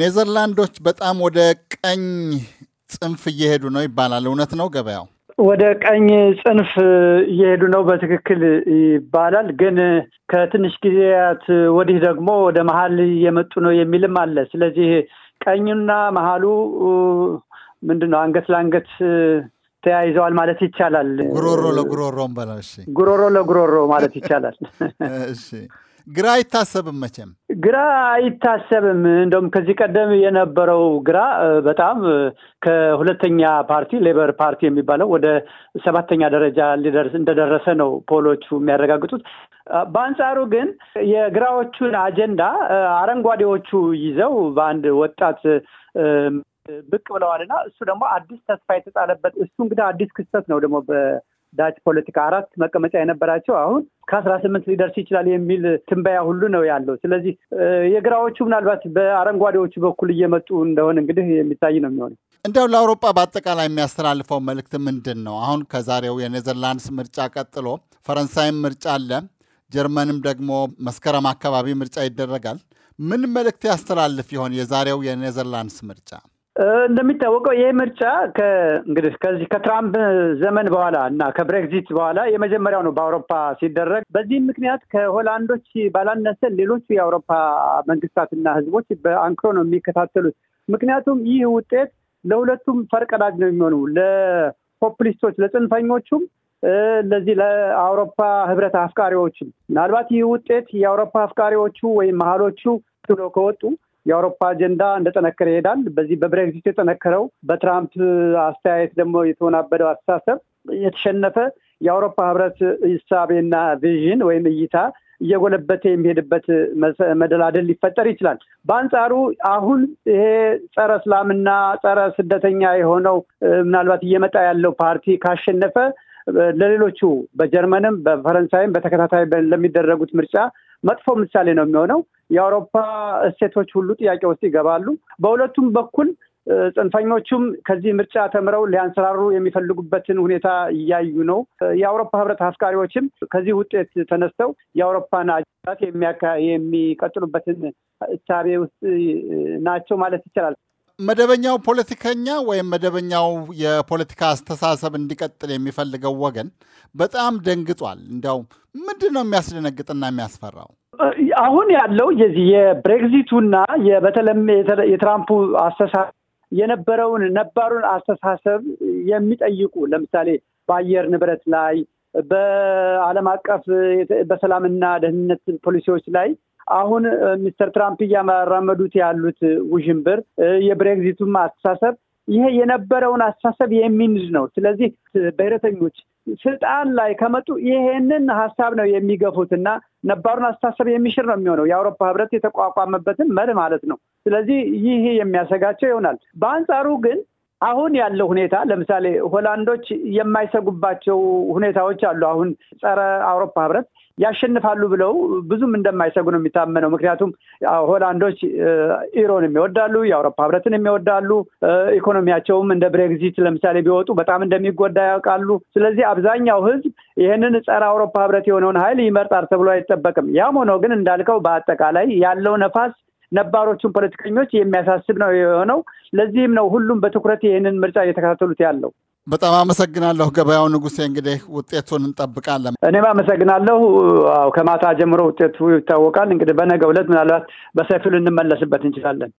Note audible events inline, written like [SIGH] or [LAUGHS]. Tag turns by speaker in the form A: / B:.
A: ኔዘርላንዶች በጣም ወደ ቀኝ ጽንፍ እየሄዱ ነው ይባላል። እውነት ነው ገበያው?
B: ወደ ቀኝ ጽንፍ እየሄዱ ነው በትክክል ይባላል። ግን ከትንሽ ጊዜያት ወዲህ ደግሞ ወደ መሀል እየመጡ ነው የሚልም አለ። ስለዚህ ቀኙና መሀሉ ምንድነው አንገት ለአንገት ተያይዘዋል ማለት ይቻላል። ጉሮሮ ለጉሮሮ በላ ጉሮሮ ለጉሮሮ ማለት ይቻላል።
A: [LAUGHS] ግራ አይታሰብም መቼም
B: ግራ አይታሰብም። እንደውም ከዚህ ቀደም የነበረው ግራ በጣም ከሁለተኛ ፓርቲ ሌበር ፓርቲ የሚባለው ወደ ሰባተኛ ደረጃ ሊደርስ እንደደረሰ ነው ፖሎቹ የሚያረጋግጡት። በአንጻሩ ግን የግራዎቹን አጀንዳ አረንጓዴዎቹ ይዘው በአንድ ወጣት ብቅ ብለዋልና እሱ ደግሞ አዲስ ተስፋ የተጣለበት እሱ እንግዲህ አዲስ ክስተት ነው ደግሞ ዳች ፖለቲካ አራት መቀመጫ የነበራቸው አሁን ከአስራ ስምንት ሊደርስ ይችላል የሚል ትንበያ ሁሉ ነው ያለው። ስለዚህ የግራዎቹ ምናልባት በአረንጓዴዎቹ በኩል እየመጡ እንደሆነ እንግዲህ የሚታይ ነው የሚሆነ።
A: እንዲያው ለአውሮፓ በአጠቃላይ የሚያስተላልፈው መልእክት ምንድን ነው? አሁን ከዛሬው የኔዘርላንድስ ምርጫ ቀጥሎ ፈረንሳይም ምርጫ አለ። ጀርመንም ደግሞ መስከረም አካባቢ ምርጫ ይደረጋል። ምን መልእክት ያስተላልፍ ይሆን የዛሬው የኔዘርላንድስ ምርጫ?
B: እንደሚታወቀው ይህ ምርጫ እንግዲህ ከዚህ ከትራምፕ ዘመን በኋላ እና ከብሬግዚት በኋላ የመጀመሪያው ነው በአውሮፓ ሲደረግ። በዚህም ምክንያት ከሆላንዶች ባላነሰ ሌሎቹ የአውሮፓ መንግስታትና ህዝቦች በአንክሮ ነው የሚከታተሉት። ምክንያቱም ይህ ውጤት ለሁለቱም ፈርቀዳጅ ነው የሚሆኑ ለፖፕሊስቶች ለጽንፈኞቹም ለዚህ ለአውሮፓ ህብረት አፍቃሪዎችም። ምናልባት ይህ ውጤት የአውሮፓ አፍቃሪዎቹ ወይም መሀሎቹ ትሎ ከወጡ የአውሮፓ አጀንዳ እንደጠነከረ ይሄዳል። በዚህ በብሬግዚት የጠነከረው በትራምፕ አስተያየት ደግሞ የተወናበደው አስተሳሰብ የተሸነፈ የአውሮፓ ህብረት እሳቤና ቪዥን ወይም እይታ እየጎለበተ የሚሄድበት መደላደል ሊፈጠር ይችላል። በአንጻሩ አሁን ይሄ ጸረ እስላምና ጸረ ስደተኛ የሆነው ምናልባት እየመጣ ያለው ፓርቲ ካሸነፈ ለሌሎቹ በጀርመንም በፈረንሳይም በተከታታይ ለሚደረጉት ምርጫ መጥፎ ምሳሌ ነው የሚሆነው። የአውሮፓ እሴቶች ሁሉ ጥያቄ ውስጥ ይገባሉ። በሁለቱም በኩል ጽንፈኞቹም ከዚህ ምርጫ ተምረው ሊያንሰራሩ የሚፈልጉበትን ሁኔታ እያዩ ነው። የአውሮፓ ህብረት አፍቃሪዎችም ከዚህ ውጤት ተነስተው የአውሮፓን አጅራት የሚቀጥሉበትን እሳቤ ውስጥ
A: ናቸው ማለት ይቻላል። መደበኛው ፖለቲከኛ ወይም መደበኛው የፖለቲካ አስተሳሰብ እንዲቀጥል የሚፈልገው ወገን በጣም ደንግጧል። እንዲያውም ምንድን ነው የሚያስደነግጥና የሚያስፈራው?
B: አሁን ያለው የዚህ የብሬግዚቱና በተለም የትራምፑ አስተሳሰብ የነበረውን ነባሩን አስተሳሰብ የሚጠይቁ ለምሳሌ በአየር ንብረት ላይ በዓለም አቀፍ በሰላምና ደህንነት ፖሊሲዎች ላይ አሁን ሚስተር ትራምፕ እያመራመዱት ያሉት ውዥንብር የብሬግዚቱም አስተሳሰብ ይሄ የነበረውን አስተሳሰብ የሚንዝ ነው። ስለዚህ ብሔረተኞች ስልጣን ላይ ከመጡ ይሄንን ሀሳብ ነው የሚገፉት እና ነባሩን አስተሳሰብ የሚሽር ነው የሚሆነው የአውሮፓ ህብረት የተቋቋመበትን መል ማለት ነው። ስለዚህ ይህ የሚያሰጋቸው ይሆናል። በአንጻሩ ግን አሁን ያለው ሁኔታ ለምሳሌ ሆላንዶች የማይሰጉባቸው ሁኔታዎች አሉ። አሁን ጸረ አውሮፓ ህብረት ያሸንፋሉ ብለው ብዙም እንደማይሰጉ ነው የሚታመነው። ምክንያቱም ሆላንዶች ኢሮን የሚወዳሉ፣ የአውሮፓ ህብረትን የሚወዳሉ፣ ኢኮኖሚያቸውም እንደ ብሬግዚት ለምሳሌ ቢወጡ በጣም እንደሚጎዳ ያውቃሉ። ስለዚህ አብዛኛው ህዝብ ይህንን ጸረ አውሮፓ ህብረት የሆነውን ኃይል ይመርጣል ተብሎ አይጠበቅም። ያም ሆኖ ግን እንዳልከው በአጠቃላይ ያለው ነፋስ ነባሮቹን ፖለቲከኞች የሚያሳስብ ነው የሆነው። ለዚህም ነው ሁሉም በትኩረት ይህንን ምርጫ እየተከታተሉት ያለው።
A: በጣም አመሰግናለሁ ገበያው ንጉሴ። እንግዲህ ውጤቱን እንጠብቃለን። እኔም አመሰግናለሁ።
B: ከማታ ጀምሮ ውጤቱ ይታወቃል። እንግዲህ በነገ ዕለት ምናልባት በሰፊው ልንመለስበት እንችላለን።